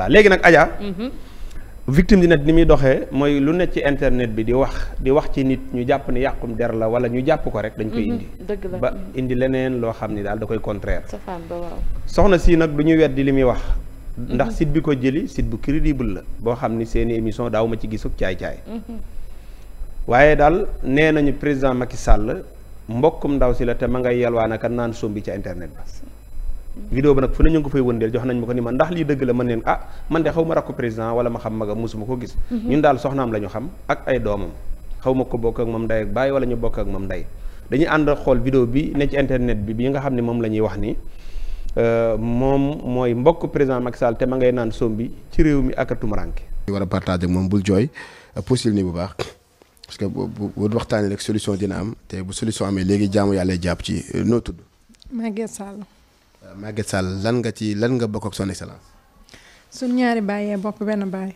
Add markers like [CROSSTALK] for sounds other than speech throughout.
waaw léegi nag Adja. Mhm. victime di net ni muy doxee mooy lu ne ci internet bi di wax di wax ci nit ñu jàpp ne yàqum der la wala ñu jàpp ko rek dañ koy mhm, indi ba indi leneen loo xam ni daal da koy contraire soxna si nag du ñu di li muy wax mhm. ndax site bi ko jëli site bu crédible la boo xam ni seeni émission daaw ma ci gisuk caay-caay waaye daal nee nañu président Macky Sall mbokkum ndaw si la te ma ngay yalwaan ak naan sombi ci internet ba vidéo ba nag fu ne ñu ngi ko fay wëndeel jox nañ ma ko ni ma ndax lii dëgg la man leen ah man de xaw ma rakku président wala ma xam maga musuma ko gis mhm. ñun daal soxnaam la ñu xam ak ay doomam xaw ma ko bokk ak moom nday bàyyi wala ñu bokk ak moom nday dañuy ànd xool vidéo bi ne ci internet bi bi nga xam ne moom la ñuy wax ni euh, moom mooy mbokk président mag Sall te ma ngay naan soom bi ci réew mi ak a tumuranke war moom bul jooy possible ni bu baax parce que bu bu waxtaanee rek solution dina am te bu solution amee léegi jaamu yàlla jàpp ci euh, noo tudd. Euh, màgget Sall lan nga ci lan nga bokk ak son excellence. suñ ñaari bàyyee bopp benn bàyyi.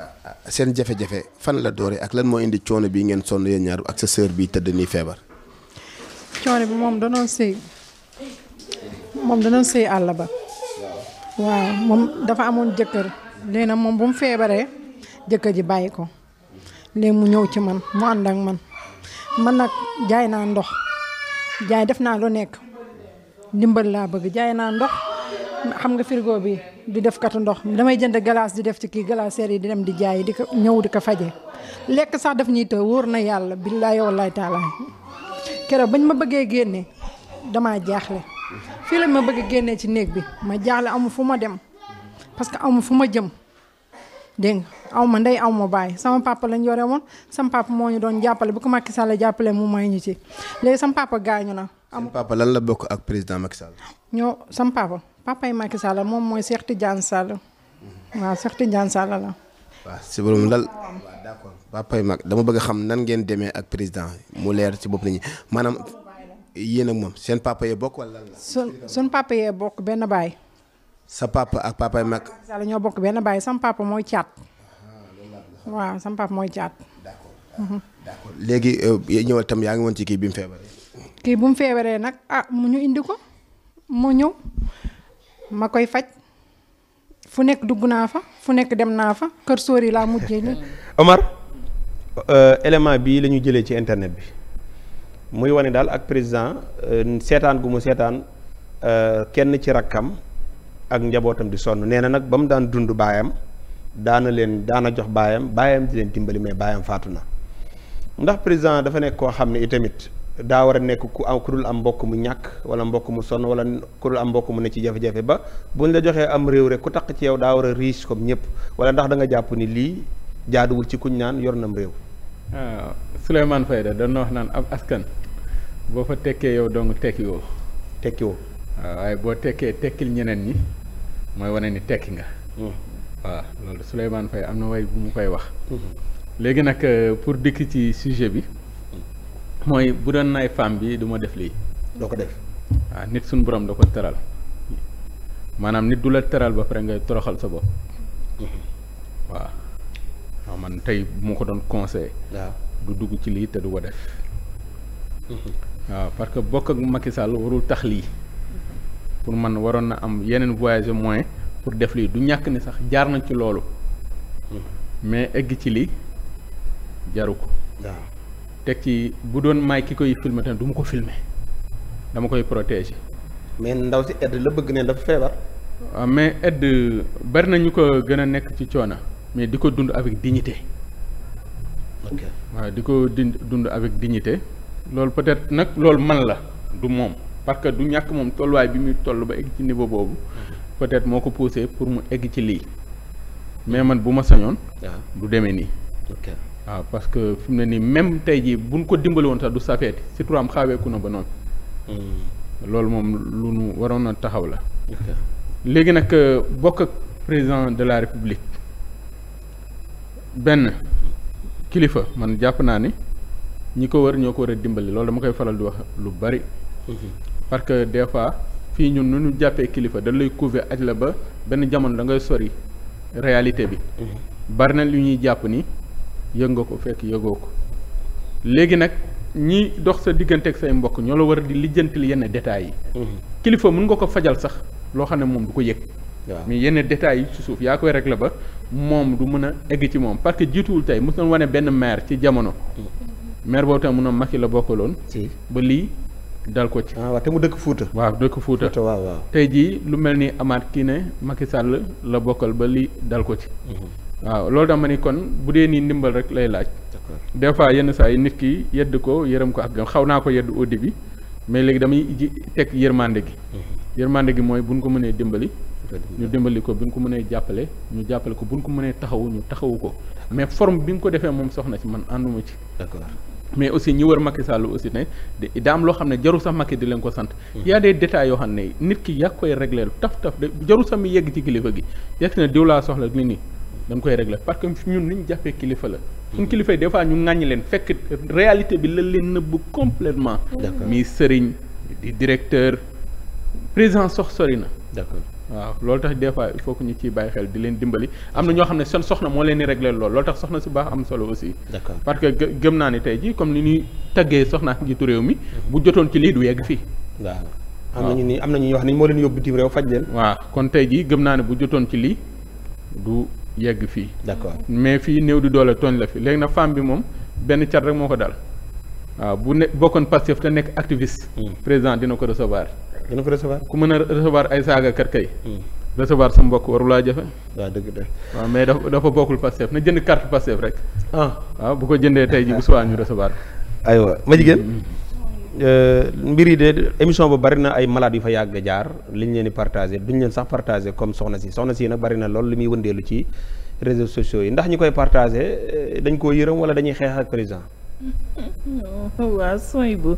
Ah, seen jafe-jafe fan la doore ak lan moo indi coono bi ngeen sonn yéen ñaar ak sa sœur bi tëdd nii feebar. coono bi moom danoo sëy moom danoo sëy àll ba. waaw moom dafa amoon jëkkër. léegi nag moom bu mu feebaree jëkkër ji bàyyi ko. léegi mu ñëw ci man mu ànd ak man man nag jaay naa ndox jaay def naa lu nekk. ndimbal laa bëgg jaay naa ndox xam nga frigo bi di def katu ndox damay jënd glace di def ci kii glacière yi di dem di jaay di ko ñëw di ko faje lekk sax daf ñuy të wóor na yàlla billaay wallaay taalaay keroog bañ ma bëggee génne damaa jaaxle fii lañ ma bëgg génnee ci néeg bi ma jaaxle amul fu ma dem parce que amu fu ma jëm dégg nga aw ma ndey aw ma baay sama papa lañ yore woon sama moo ñu doon jàppale bu ko Macky Sall jàppale mu ñu ci léegi gaañu na. am papa lan la bokk ak président Macky Sall. ñoo sama papa papa yi moom mooy Cheikh Tidiane Sall. waaw Cheikh Tidiane Sall la. waaw si yi mag dama bëgg a xam nan ngeen demee ak président mu leer ci bopp nit ñi maanaam yéen ak moom seen papa yee bokk wala lan la. sun sun yee bokk benn baay. sa papa ak papa yu mag. Sall ñoo bokk benn bàyyi sama mooy caat. waaw sama mooy caat. d'accord d'accord léegi euh, ñëwal tam yaa ngi woon ci kii bi mu feebaree. kii bu mu feebaree nag ah mu ñu indi ko mu ñëw ma koy faj fu nekk dugg naa fa fu nekk dem naa fa kër sóor yi laa mujjee nii. [LAUGHS] Omar euh, élément bi lañuy jëlee ci internet bi muy wane daal ak président euh, seetaan gu mu seetaan kenn ci rakkam. ak njabootam di sonn nee na nag ba mu daan dund baayam daana leen daana jox baayam baayam di leen dimbali mais baayam faatu na ndax président dafa nekk koo xam ne itamit daa war a nekk ku am ku am mbokk mu ñàkk wala mbokk mu sonn wala ku dul am mbokk mu ne ci jafe-jafe ba ñu la joxee am réew rek ku taq ci yow daa war a riis comme ñëpp wala ndax da nga jàpp ni lii jaaduwul ci kuñ naan yor nam réew. waaw ah, Souleymane Faye da doon wax naan ab askan boo fa tekkee yow dong tekkiwoo. tekkiwoo. waaw waaye boo tekkee tekkil ñeneen ñi mooy wane ni tekki nga hmm. waaw loolu Souleymane Faye am na way bu mu koy wax hmm. léegi nag euh, pour dikk ci sujet bi hmm. mooy bu doon nay femme bi du ma def lii doo ko def waaw nit suñu borom da ko teral maanaam nit du la teral ba pare ngay toroxal sa bopp waaw man tey bu ko doon conseil waaw du dugg ci lii te du ko def waaw parce que bokk ak Macky Sall warul tax lii pour man waroon na am yeneen voyage moyen pour def lii du ñàkk ni sax jaar nañ ci loolu mm-hmm. mais egg ci lii jaru ko waaw teg ci bu doon may ki koy filmer tamit du ma ko filmer dama koy protéger mais ndaw si edd la bëgg ne dafa feebar waaw ah, mais edd bari na ñu ko gën a nekk ci coona mais di ko dund avec dignité ok waaw di ko dund avec dignité loolu peut-être nag loolu man la du moom parce que du ñàkk moom tolluwaay bi muy toll ba egg ci niveau boobu mhm. peut-être moo ko poussé pour mu egg ci lii mais mhm. man bu ma sañoon ah. du demee nii waaw ah, parce que fi mu ne nii même tey jii bu buñ ko dimbali woon sax du safeeti surtout am xaaweeku na ba noonu hmm. loolu moom lu nu waroon a taxaw la léegi nag euh, bokk ak président de la république benn kilifa man jàpp naa ni ñi ko wër ñoo ko war a dimbali loolu dama koy faral di wax lu bari mhm. parce que des fois fii ñun nu ñu jàppee kilifa dañ lay couver aj la ba benn jamono da ngay sori réalité bi. Mhm. bari na lu ñuy jàpp ni yëg nga ko fekk yëgoo ko léegi nag ñi dox sa diggante ak say mbokk ñoo la war a di lijjantil yenn détails yi. Mhm. kilifa mën nga ko fajal sax loo xam ne moom du ko yëg. mais yenn détails yi ci suuf yaa koy rek la ba moom du mën a egg ci moom parce que jiituwul tey mos na wane benn maire ci jamono. Mhm. maire boo tam mun a Macky la bokkaloon. ba dal ko ci. Ah, waaw te mu dëkk Fuuta. waaw dëkk Fuuta waaw waaw. tey jii lu mel ni amaat kii ne Macky Sall la bokkal ba li dal ko ci. Mhm. waaw loolu dama ni kon bu dee nii ndimbal rek lay laaj. des fois yenn saa yi nit ki yedd ko yërëm ko ak xaw naa ko yedd au début mais léegi damay ji teg yërmande gi. Mhm. yërmande gi mooy bu ñu ko mënee dimbali. ñu dimbali ko bu ñu ko mënee jàppale ñu jàppale ko bu ñu ko mënee taxawu ñu taxawu ko mais form bi nga ko defee moom soxna ci man ànduma ci. d'accord mais aussi ñi wër Macky Sall aussi ne da am loo xam ne jarul sax Macky di leen ko sant. Mm-hmm. y a des yoo xam ne nit ki yaa koy réglé taf taf de jarul sax mi yegg ci kilifa gi yegg na diw laa soxla li nii dañ koy réglé parce que ñun li ñu jàppee kilifa la. Mm-hmm. suñ kilifa yi des fois ñu ŋàññi leen fekk réalité bi la leen nëbb completement d'accord mi sëriñ di directeur président sox sori na. d'accord waaw loolu tax des fois il ñu ciy bàyyi xel di leen dimbali am na ñoo xam ne seen soxna moo leen di régler lool loolu tax soxna si baax am solo aussi. parce que gëm naa ne tey jii comme ni ñuy taggee soxna njiitu réew mi. bu jotoon ci lii du yegg fii. waaw am na am na ñuy wax ni moo leen yóbbu bitim réew faj leen. waaw kon tey jii gëm naa ne bu jotoon ci lii du yegg fii. d'accord mais fii néew di doole tooñ la fi léegi nag femme bi moom benn cat rek moo ko dal waaw bu ne bokkoon passif te nekk activist hmm. président dina ko recevoir. dana ko recevoir. ku mën a recevoir ay saaga kat kay. Hmm. recevoir sa mbokk waru laa jafe. waaw dëgg dëgg. waaw mais dafa dafa bokkul Pastef na jënd carte Pastef rek. ah waaw bu ko jëndee tey ji bu subaa ñu recevoir. aywa ma jigéen. Hmm. Euh, mbir yi de émission bu bari na ay malade yu fa yàgg jaar li ñu leen di partagé duñ leen sax partagé comme soxna si soxna si nag bari na lool li muy wëndeelu ci réseau sociaux yi ndax ñu koy partagé euh, dañ koo yërëm wala dañu xeex ak [LAUGHS] waaw sooy bu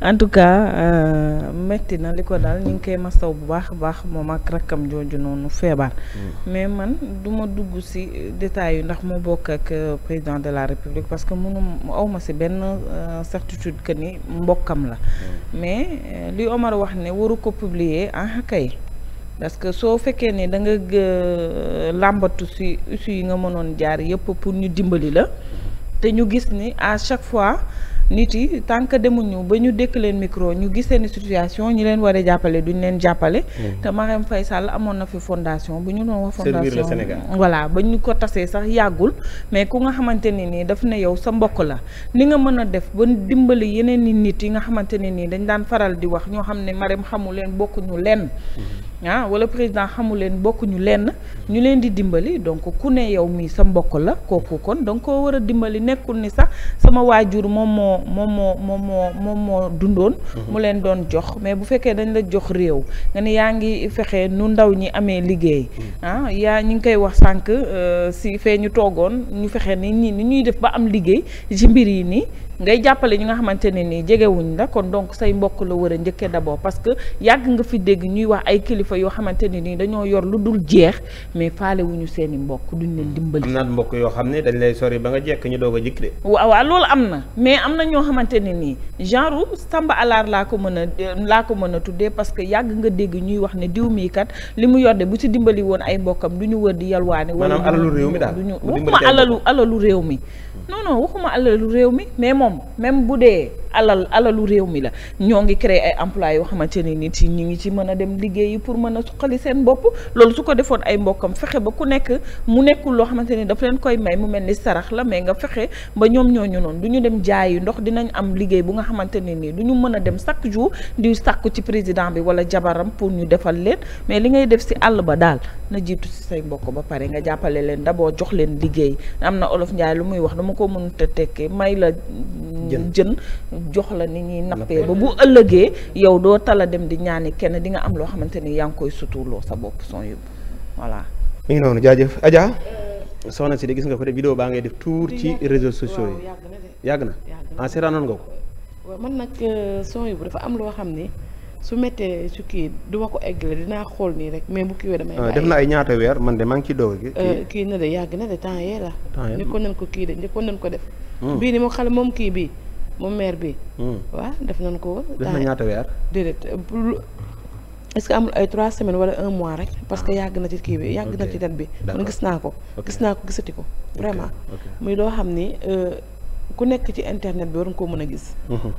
en tout cas euh, metti na li ko daal ñu ngi koy masaw bu baax baax moom ak rakkam jooju noonu feebar. Mm. mais man du ma dugg ci détails yu ndax moo bokk ak euh, président de la république parce que mënu aw ma ci benn euh, certitude que ni mbokkam la. Mm. mais li Omar wax ne waru ko publier ah kay. parce que soo fekkee ne da nga làmbatu ci ussu yi nga mënoon jaar yépp pour ñu dimbali la. Mm. te ñu gis ni à chaque fois nit yi tant que demuñu ba ñu dékk leen micro ñu gis seen situation ñi leen war jàppale duñ leen jàppale. Mm-hmm. te Marème Faye Sall amoon na fi fondation bu ñu doon wax. fondation Sénégal voilà ba ñu ko tasee sax yàggul. mais ku nga xamante ne nii daf ne yow sa mbokk la ni nga mën a def ba dimbali yeneen i nit yi nga xamante ne nii dañ daan faral di wax ñoo xam ne Marème xamu leen bokkuñu leen. Mm-hmm. ah wala président xamu leen bokkuñu lenn ñu leen di dimbali donc ku ne yow mi sa mbokk la kooku kon donc koo war a dimbali nekkul ni sax sama waajur moom moo moom moo moom moo moom moo dundoon mhm. mu leen doon jox mais bu fekkee dañ la jox réew nga ni yaa ngi fexe nu ndaw ñi amee liggéey mhm. ah yaa ñu ngi koy wax sànq euh, si fee ñu toogoon ñu fexe ni ñi ni ñuy def ba am liggéey ci mbir yi nii ngay jàppale ñi nga xamante ne nii jegewuñ la kon donc say mbokk la war a njëkkee d'abord parce que yàgg nga fi dégg ñuy wax ay kilifa yoo xamante ne nii dañoo yor lu dul jeex mais faale wuñu seen i mbokk duñ leen dimbali. am na mbokk yoo xam ne dañ lay sori ba nga jekk ñu doog a jikk de. waaw waaw loolu am na mais am na ñoo xamante ne nii genre samba alaar laa ko mën a laa ko mën a tuddee parce que yàgg nga dégg ñuy wax ne diw mii kat li mu yodde bu ci dimbali woon ay mbokkam du ñu wër di yalwaane. maanaam alalu réew mi daal du ñu waxuma alalu réew mi non non waxuma alalu réew mi mais moom même bu dee alal alalu réew mi la ñoo ngi créer ay emploi yoo xamante ne nit yi ñu ngi ci mën a dem liggéeyi pour mën a suqali seen bopp loolu su ko defoon ay mbokkam fexe ba ku nekk mu nekkul loo xamante ni daf leen koy may mu mel ni sarax la mais nga fexe ba ñoom ñooñu noonu du ñu dem jaayi ndox dinañ am liggéey bu nga xamante ne nii du mën a dem chaque jour di sàkku ci président bi wala jabaram pour ñu defal leen mais li ngay def si àll ba daal na jiitu si say mbokk ba pare nga jàppale leen d'abord jox leen liggéey am na olof Njaay lu muy wax dama ko mënut a tekkee may la jën jën jox la ni ñuy nappee ba bu ëllëgee yow doo tala dem di ñaani kenn di nga am loo xamante ni yaa ngi koy suturloo sa bopp son yóbbu voilà mi ngi noonu jaajëf Adja soxna si de gis nga ko de vidéo baa ngay def tour ci réseaux sociaux yi yàgg na ah seetaanoon nga ko waaw man nag euh, son yóbbu dafa am loo xam ni su méttee su kii du ma ko eggale dinaa xool nii rek mais bu kiiwee damay. Ah, bàyyi def na ay ñaata weer man de maa ngi ciy doog a. Euh, kii na de yàgg na de temps yee la. temps yee la nañ ko kii hmm. ni mu xale moom kii bii. moom maire bi. Hmm. waaw def nañ ko. def na ñaata weer. déedéet est que amul ay trois semaine wala un mois rek parce que yàgg na ci kii bi yàgg na ci date bi. man gis naa ko. gis naa ko gisati ko. vraiment muy loo xam ni euh, ku nekk ci internet bi war nga koo mën a gis. Mhm.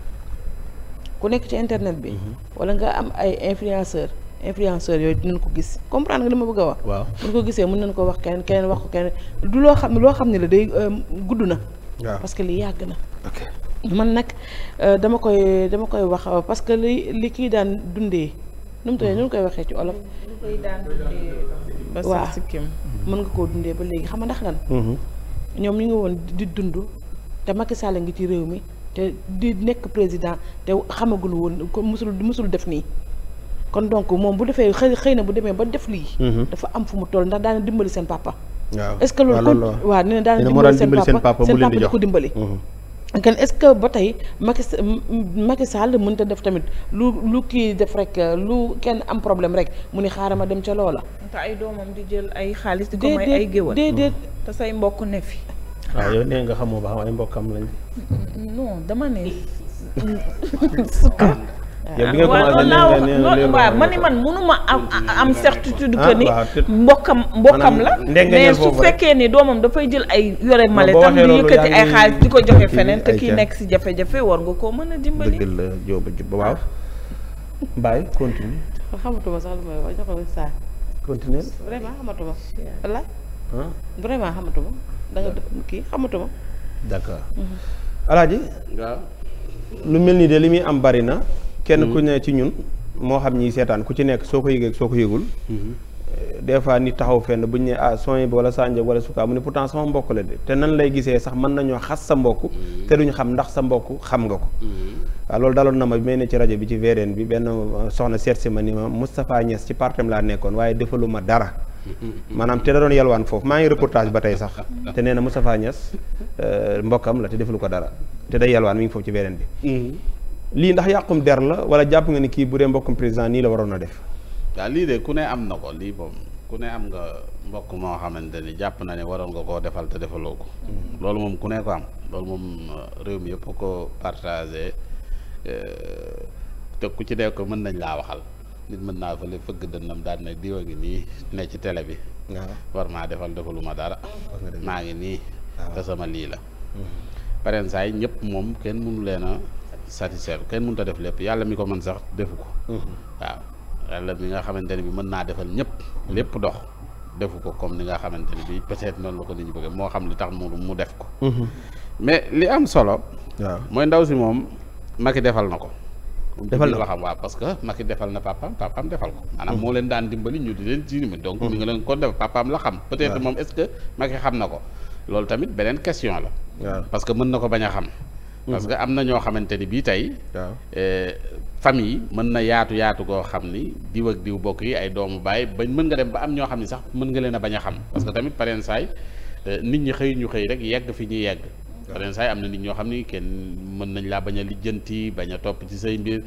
ku nekk ci internet bi. Mhm. wala nga am ay influenceur influenceurs yooyu dinañ ko gis comprendre nga li ma bëgg a wax. waaw buñ ko gisee mun nañ ko wax keneen keneen wax ko keneen du loo xam loo xam ne la day euh, gudd na. parce que lii yàgg na. man nag euh, dama koy dama koy wax euh, parce que li li kii daan dundee nu mu tëddee nu koy waxee ci olof. lu koy mën nga koo dundee ba léegi xam nga ndax lan. Mhm. ñoom ñu ngi woon di dund te Macky Sall ngi ci réew mi te di nekk président te xamagul woon ko musul musul def nii. kon donc bu defee xëy xëy na bu demee def lii. Mhm. dafa am fu mu toll ndax daana dimbali seen papa. waaw dimbali seen papa seen papa di ko dimbali. Mhm. kon est-ce que ba tey Macky Macky Sall mënta def tamit lu lu kii def rek lu kenn am problème rek mu ni xaaral ma dem ca loola. te ay doomam di jël ay xaalis. di ko may ay géwal déedéet te say mbokk ne fi. waaw ah, yow nee nga xamoo ba xam ay mbokkam lañ. non dama ne. Ah. waaw ma ni man mënuma am am certitude ah, que ni mbokkam mbokkam la mais su fekkee ni doomam dafay jël ay yore maletam di di ko joxe te kii nekk si jafe-jafe war nga koo mën a dimbali dëgg la jóoba jub waaw bàyyi continue xamatuma sax lu may wax joxe saa continue vraiment xamatuma la vraiment xamatuma da nga kii xamatuma d'accord mhm. lu mel nii de li muy am bari na kenn mm-hmm. ku ne ci ñun moo xam ñiy seetaan ku ci nekk soo ko yëgee soo ko yëgul mm-hmm. eh, des fois nit taxaw fenn bu ñu ne ah son bi wala sànja wala sukaa mu ne pourtant sama mbokk la de te nan lay gisee sax mën nañoo xas sa mbokk mm-hmm. te ñu xam ndax sa mbokk xam nga ko waaw ah, daloon na ma bi ne ci rajo bi ci VDN bi benn euh, soxna seet si ma ni ma Moustapha Niass ci partem laa nekkoon waaye defalu ma dara maanaam te da doon yalwaan foofu maa ngi reportage ba tey sax te nee na Moustapha Niass euh, mbokkam la te defalu ko dara te day yalwaan mi ngi foofu ci VDN bi lii ndax yàqum der la wala jàpp nga ni kii bu dee mbokkum président nii la waroon a def. waaw lii de ku ne am na ko lii moom ku ne am nga mbokk moo xamante ni jàpp na ne waroon nga koo defal defaloo ko. Hmm. loolu moom ku ne ko loolu moom euh, réew mi yëpp ko partagé euh, te ku ci dee ko mën nañ laa waxal nit mën naa fële fëgg dënnam daal ne diwa ngi nii ne ci télé bi. war maa defal defaluma dara. maa ngi nii. te sama lii la. Hmm. pareen saa yi ñëpp moom kenn mënu leen a satisfaire kenn mënut a def lépp yàlla mi ko mën sax defu ko. Mhm. waaw yàlla mi nga xamante ne bi mën naa defal ñëpp lépp dox defu ko comme ni nga xamante ne bi peut-être noonu la ko nit ñi bëggee moo xam li tax mu mu def ko. Mhm. mais li am solo. waaw mooy ndaw si moom Macky defal na ko. defal na ko xam waaw parce que Macky defal na papaam papaam defal ko. maanaam mhm. moo leen daan dimbali ñu di leen dimbali. donc mi nga leen ko def papaam la xam. peut-être a parce mhm. que am na ñoo xamante ni bii tey. waaw eh, famille mën na yaatu yaatu goo xam ni diw ak diw bokk yi ay doomu baay bañ mën nga dem ba am ñoo xam ni sax mën nga leen a bañ a xam. parce que tamit pareen saay eh, nit ñi xëy ñu xëy rek yegg fi ñuy yegg. pareen saay am na nit ñoo xam ni kenn mën nañ laa bañ a lijjanti bañ a topp ci say mbir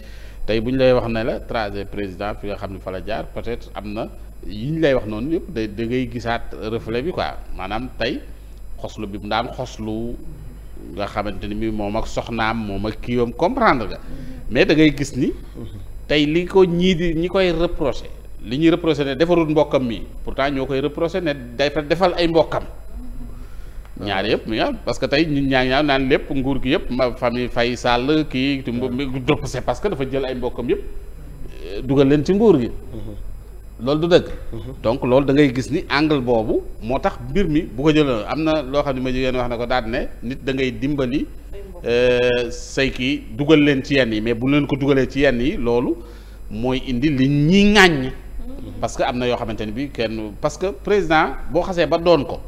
tey bu ñu lay wax ne la trajet président fi nga xam ni fa la jaar peut-être am na yi ñu lay wax noonu yëpp da da ngay gisaat reflet bi quoi maanaam tey xoslu bi mu daan xoslu. nga xamante ni bi moom ak soxnaam moom ak kiiwam comprendre nga mais da ngay gis ni tey li ko ñii di ñi koy reproché li ñuy reproché ne defarul mbokkam mi pourtant ñoo koy reproché ne dafa defal ay mbokkam ñaar yëpp mi nga parce que tey ñun ñaa ñaa naan lépp nguur gi yëpp ma famille Faye Sall kii tumb mi dopp c'est parce que dafa jël ay mbokkam yëpp dugal leen ci nguur gi loolu du dëkk donc loolu da ngay gis ni angle boobu moo tax mbir mi bu ko jëloon am na loo xam ne ma jigéen wax na ko daal ne nit dangay ngay dimbali euh, say kii dugal leen ci yenn yi mais bu leen ko dugalee ci yenn yi loolu mooy indi li ñi ŋàññ. parce que am na yoo xamante ni bi kenn parce que président boo xasee ba doon ko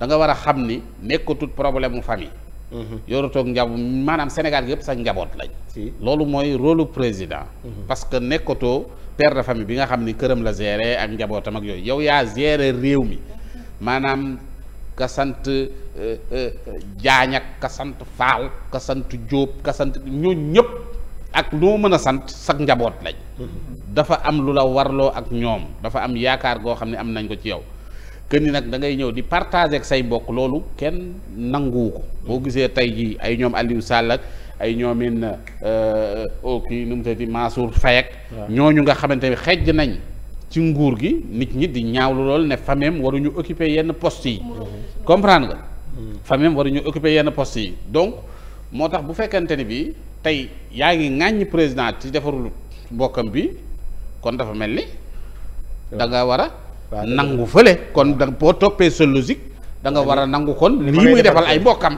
danga war a xam ni nekkatul problème mu famille. yoratoog njaboot maanaam Sénégal yëpp sax njaboot lañ. loolu mooy rôle président. Mhm. parce que nekkatoo père de famille bi nga xam ni këram la gérer ak njabootam ak yooyu yow yaa gérer réew mi maanaam ka sant euh, euh, Jaañ ak ka sant Faal ka sant Jóob ka sant ñooñu ñëpp ak noo mën a sant sax njaboot lañ. Mhm. dafa am lu la warloo ak ñoom dafa am yaakaar goo xam ne am nañ ko ci yow. que ni nag da ngay ñëw di partager ak say mbokk loolu kenn nanguwu ko boo gisee tey jii ay ñoom Aliou Sall ak ay ñoomin euh, oh, kii nu mu tëddee Mansour fay ak ñooñu nga xamante ne xejj nañ ci nguur gi nit ñi di ñaawlu lool ne famem waruñu occuper yenn post yi comprendre nga mm. famem waruñu occuper yenn poste yi donc moo tax bu fekkente ni bi tey yaa ngi ŋàññi président ci defarul mbokkam bi kon dafa mel ni da war nangu fële kon da boo toppee sa logique da nga war a nangu kon lii muy defal ay mbokkam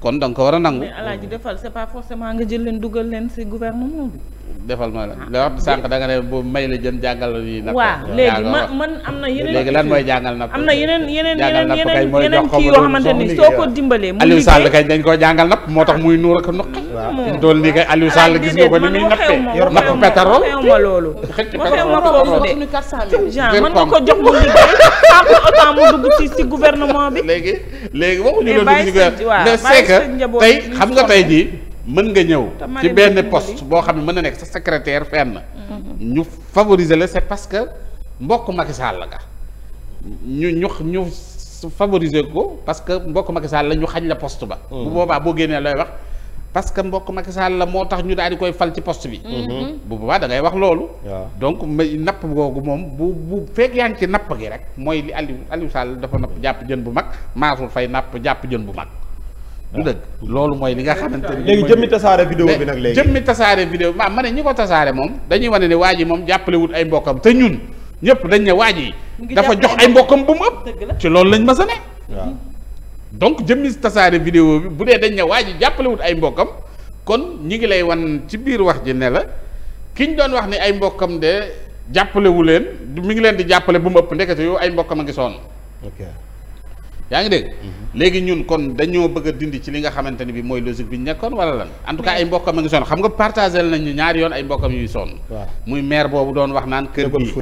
kon da nga ko war a nangu mais alaaji defal c'est pas forcément nga jël leen dugal leen ci gouvernement bi defal ma la la wax sànq da nga ne bu may la jën jàngal la nii napp waaw léegi ma man am na yeneen léegi lan mooy jàngal napp am na yeneen yeneen yeneen yeneen yeneen kii yoo xamante ni soo ko dimbalee mu moo tax muy nuur ak nuqi ñu doon nii kay Aliou Sall gis nga ko ni muy nappee napp pétrole xew ma loolu waxew ma foofu de genre mën nga ko jox mu liggéey xaar ko autant mu dugg ci si bi léegi léegi waxuñu loolu dugg ci gouvernement tey xam nga tey jii mën nga ñëw ci benn post boo xam ne mën na nekk sa secrétaire fenn mhm. ñu favoriser la c'est parce que mbokk Macky Sall la ñu ñu ñu favoriser ko parce que mbokk Macky la ñu xañ la poste ba mhm. bu boobaa boo génnee looy wax parce que mbokk Macky la moo tax ñu daal di koy fal ci post bi mhm. bu boobaa da ngay wax loolu donc may napp googu moom bu bu fekk yaa ci napp gi rek mooy li Aliou Aliou Sall dafa napp jàpp jën bu mag Mansour fay napp jàpp jën bu mag dëgg loolu mooy li nga xamante léegi jëmmi tasaare vidéo bi nag léegi jëmmi tasaare vidéo bi maam ma ne ñi ko tasaare moom dañuy wane ne waa ji moom jàppale wut ay mbokkam te ñun ñëpp dañ ne waa ji dafa jox ay mbokkam bu mu ëpp ci loolu lañ ma sa waaw donc jëmmi tasaare vidéo bi bu dee dañ ne waa ji jàppale ay mbokkam kon ñi ngi lay wan ci biir wax ji ne la kiñ doon wax ni ay mbokkam de jàppalewu leen mu ngi leen di jàppale bu mu ëpp ndekete yow ay mbokkam a ngi sonn yaa ngi dégg. Mhm. léegi ñun kon dañoo bëgg a dindi ci li nga xamante ni bi mooy logique bi ñu nekkoon wala lan en tout cas ay mbokkam a ngi sonn xam nga partagé nañu ñaari yoon ay mbokkam yuy sonn muy maire boobu doon wax naan kër bi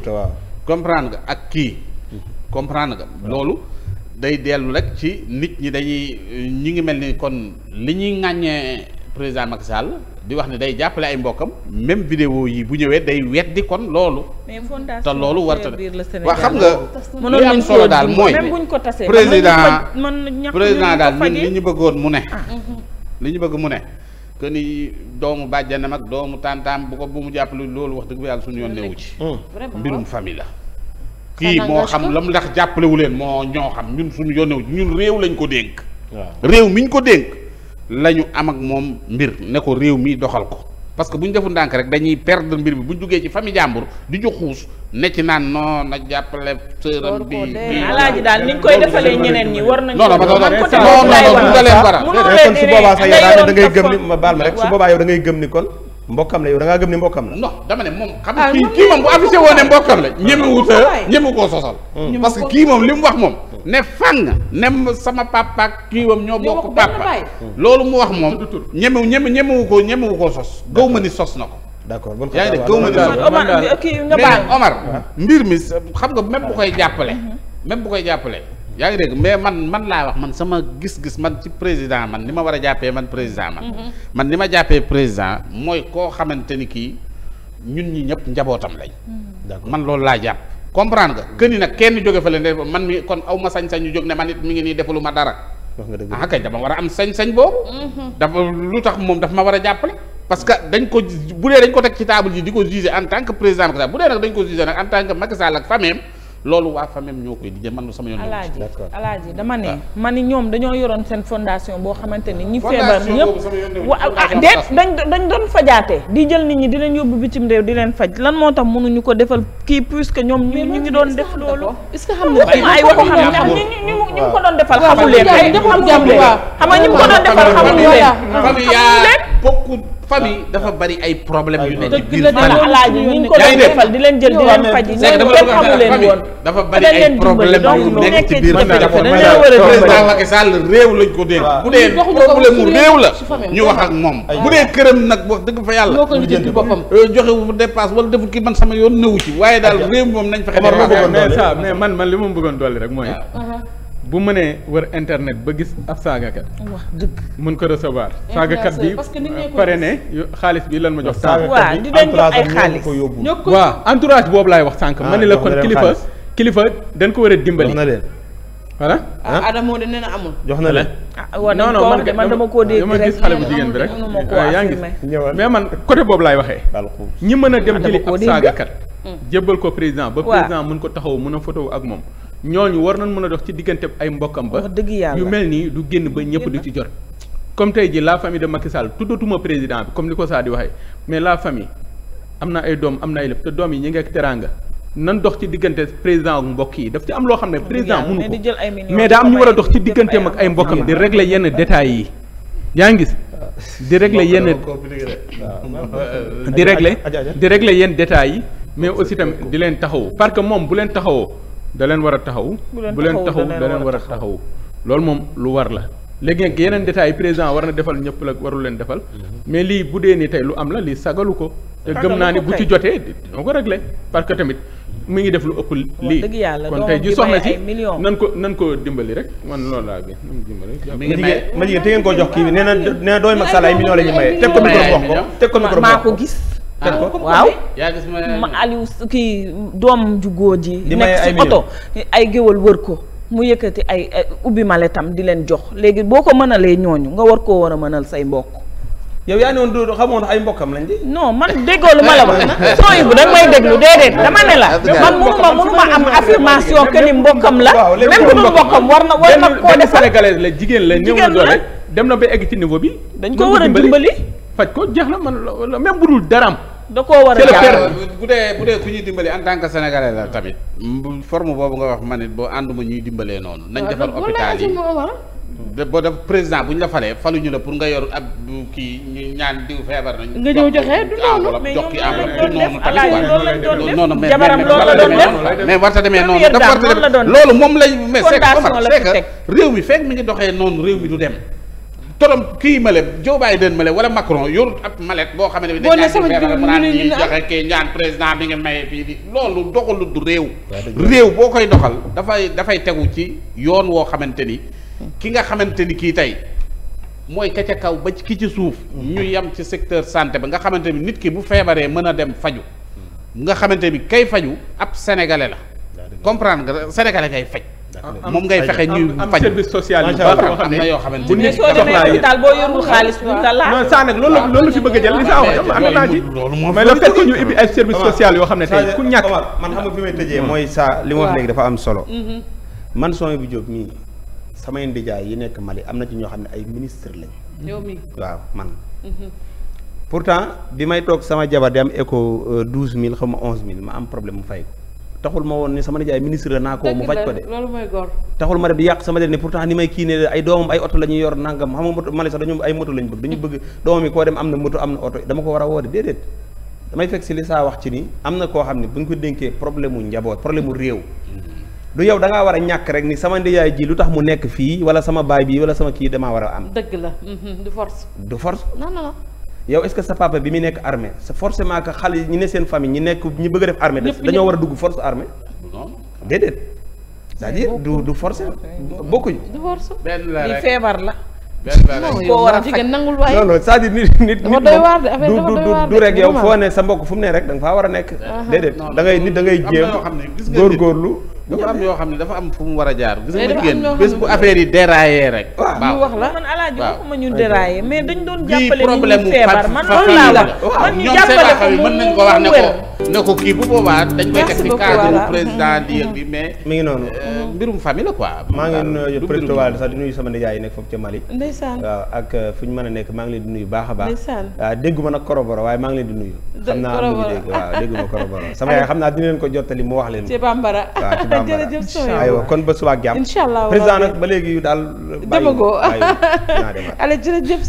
comprendre nga ak kii mhm. comprendre nga loolu day dellu rek ci nit ñi dañuy ñi ngi mel ni kon li ñuy ŋàññee président Macky Sall di wax ne day jàppale ay mbokkam même vidéo yi bu ñëwee day weddi kon loolu. te loolu war ta waa xam nga. li am solo daal mooy président président daal ñun li ñu bëggoon mu ne. Ah. Mhm. li ñu bëgg mu ne. que ni doomu bàjjanam ak doomu tàntaam bu ko bu mu jàppale loolu wax dëgg yàlla suñu yoon newu ci. Mm. mbirum famille la. kii moo xam la mu ndax jàppalewu leen moo ñoo xam ñun suñu yoon newu ñun réew lañ ko dénk. réew mi ñu ko dénk. la ñu am ak moom mbir ne ko réew mii doxal ko parce que bu ñu defu ndànk rek dañuy perdre mbir bi bu ñu duggee ci famille jàmbur di ñu xuus ne ci naan non na jàppale sëram bi alaaji daal ni ñu koy defalee ñeneen ñi war nañu non non non non non du nga leen war a eh, kon su boobaa sax yow da ngay gëm ni ma baal ma rek su boobaa yow da ngay gëm ni kon mbokkam la yow da ngaa gëm ne mbokkam la. non dama ne moom xam nga ah, kii kii moom bu affiché woon ne mbokkam la ñeme ah, wuta ñeme koo sosal. Hmm. parce que kii moom li mu wax moom. ne fang ne sama papa ak kii moom ñoo bokk papa. Hmm. loolu mu wax moom. ñeme ñeme ñemewu ko ñemewu koo sos. gaw ma ni sos na ko. d'accord bon yaa sos. Omar ah. mbir mi xam nga même bu koy jàppale. Hmm. même bu koy jàppale. yaa ngi dégg mais man man laa wax man sama gis-gis man ci président man ni ma war a jàppee man président man. Mm-hmm. man ni ma jàppee président mooy koo xamante ni kii ñun ñi ñëpp njabootam lañ. Mm-hmm. man loolu laa jàpp. comprendre nga que ni nag kenn jóge fa leen man mi kon aw ma sañ-sañ ñu jóg ne man it mi ngi nii defalu ma dara. wax nga ah, kay dama war a am sañ-sañ boobu. Mm-hmm. dafa lu tax moom dafa ma war a jàppale. parce que dañ ko bu dee dañ ko teg ci table ji di ko juger tant que président Macky Sall bu loolu waa FAMEM ñoo koy lijjee man sama yoon. alaaji alaaji dama ne. Ah. ma ni ñoom dañoo yoroon seen fondation boo xamante ni ñi feebar ñëpp wa ah, dañ dañ doon fajaate di jël nit ñi di leen bi bitim réew di leen faj lan moo tax mënuñu ko defal kii puisque ñoom ñu ñu ngi doon def loolu. est-ce que xam nga ay waxu xam nga ñu ñu ñu ko doon defal xamu leen. waaw waaw waaw xam nga ñu ko doon defal xamu leen. famille dafa bari ay problème yu ne. dëgg la dama laaj ñu di leen faj. ñoom kenn xamu leen woon dafa bari ay problème yu nekk ci biir jafe-jafe a problème mu réew la ñu euh, man yoon newu ci waaye daal réew moom nañ fexe. mais man man li ma bëggoon dolli rek mooy uh-huh. bu mënee war internet ba gis ab saagakat. wax dëgg. mën ko recevoir. saagakat bi pare ne xaalis bi lan ma jox. saagakat bi entourage ko yóbbu waaw entourage boobu laay wax sànq. Ah, ma ne la kon kilifa kilifa dañ ko war a dimbali. voilà ah Adama de nee na amul. jox na leen ah waaw non non man dama koo dégg bi rek yaa ngi mais man côté boobu laay waxee. ñi mën a dem jëli ab saagakat. Mm. jébbal ko président ba président mun ko taxaw mun a photo ak moom ñooñu war nañ mën a dox ci diggante ay mbokkam ba yu mel nii du génn ba ñëpp du ci jot comme tey ji la famille de Macky Sall tuddatuma président bi comme ni ko saa di waxee mais la famille am na ay doom am na ay lépp te doom yi ñu ngi ak teraanga nan dox ci diggante président ak mbokk yi daf ci am loo xam ne président mënu ko mais daa am ñu war a dox ci digganteem ak ay mbokkam di régler yenn détails yi yaa ngi gis di régler yenn di régler di régler yenn détails yi mais aussi tamit di leen taxawoo parce que moom bu leen taxawoo da leen war a taxawu. bu leen taxawu da leen war a taxawu loolu moom lu war la. léegi nag yeneen détails président war na defal ñëpp la warul leen defal. Mhm. mais lii bu dee ni tey lu am la lii sagalu ko. te gëm naa ni bu ci jotee noo ko réglé parce que tamit mu ngi def lu ëpp lii. kon tey ji soxna si nan ko nan ko dimbali rek man loolu laa gis. mi ngi maye ma jigéen te ngeen ko jox kii bi nee na nee na dooy mag ay millions la maye. teg ko micro ko teg ko micro ko maa ko gis. Ah, waaw ma Aliou kii doom ju góor ji nekk si oto ay géwal wër ko mu yëkkati ay ubbi maletam di leen jox léegi boo ko mënalee ñooñu nga war koo war a mënal say mbokk yow yaa ne woon doo xamoon ay mbokkam lañ di non man déggoo lu ma la wax [LAUGHS] soo yëgu danga may déglu déedéet dama ne la man mënuma mënuma am affirmation que ni mbokkam la même bu mbokkam war na war na koo defal la jigéen la néew doole dem na ba egg ci niveau bi dañ koo war a dimbali faj ko jeex na man même bu dul daraam. da koo war a jàpp bu dee bu dee ku ñuy dimbale en tant que sénégalais la tamit. forme boobu nga wax man it boo ànduma ñuy dimbalee noonu. nañ defal boo def président bu ñu la falee la pour nga yor kii ñu ñaan diw feebar nañ. nga ñëw joxe du noonu mais ñoom loolu lañ doon noonu la doon def mais warta demee noonu dem loolu moom lañ mais c'est que réew mi fekk mi ngi doxee noonu réew mi du dem torom kii male joobaay Biden male wala Macron yorut ab malet boo xam ne. boo ne sama jiw ah joxe kii ñaan président bi nga maye fii loolu doxalut du réew. réew boo koy doxal dafay dafay tegu ci yoon woo xamante ni. Hmm. ki nga xamante ni kii tey mooy ka ca kaw ba ki ci suuf. Hmm. ñu yem ci secteur santé ba nga xamante ni nit ki bu feebaree mën a dem faju hmm. nga xamante ni kay faju ab sénégalais la. comprendre nga sénégalais kay faj. moom ngay fexe ñuy faj social na yoo xamante ni soo demee hôpital boo yorul xaalis duñ la laaj non saa loolu la fi bëgg a jël li saa wax am na naa social yoo xam ne tey ku ñàkk man xam nga fi mooy saa li moo wax léegi dafa am solo mhm. man son bu jóg mii samay ndijaay yi nekk Mali am na ci ñoo xam ne ay ministre lañ mi waaw man mhm. pourtant bi may toog sama jabar di am écho euh, douze mille xaw ma onze mille ma am problème mu fay taxul ma woon ne sama nijaay ministre la naa ko mu faj ko de taxul ma de di yàq sama der ne pourtant ni may kii ne ay doomam ay oto la ñuy yor nangam xam nga moto mali sax dañu ay moto la ñu bëgg dañu bëgg doomam yi koo dem am na moto am na oto dama ko war a woo déedéet damay fekk si li saa wax ci ni am na koo xam ne bu ñu ko dénkee problème mu njaboot problème mu réew du yow da ngaa war a ñàkk rek ni sama ndiyaay ji lu tax mu nekk fii wala sama baay bi wala sama kii damaa war a am. dëgg la mm-hmm, du force. du force non yow est-ce que sa papa bi muy nekk armée c'est forcément que xale ñi ne seen famille ñi nekk ñi bëgg a def armée dañoo war a dugg force armée déedéet cest à du la a faj non non c'est-à-dire nit nit rek yow foo ne sa mbokk fu mu ne rek da nga war a nekk déedéet da ngay nit da ngay jéem góorgóorlu dafa am yoo xam ne dafa am fu mu war a jaar. gis nga jigéen bés bu affaire yi déraillé rek. waaw wax la man alaaji waxuma ñu déraillé mais dañ doon jàppale ni ñu feebar ko mu mën nañ ko wax ne ko kii bu boobaa dañ koy teg ci cadre président di yëg mm-hmm. bi mais mi ngi noonu euh, mbirum famille la quoi maa ngi nuyu président Wade sax di nuyu sama nijaay yi nekk foofu ca Mali ndeysaan waaw ak euh, fu ñu mën a nekk maa ngi leen di nuyu baax a baax ndeysaan waaw dégguma nag koroboro waaye maa ngi leen di nuyu xam naa am dégg waaw dégguma koroboro sama yaay xam naa dina leen ko jottali mu wax leen jërëjëf sooy aywa kon ba suba ak jàmm incha allah président nag ba léegi daal. demagoo bàyyi naa [LAUGHS]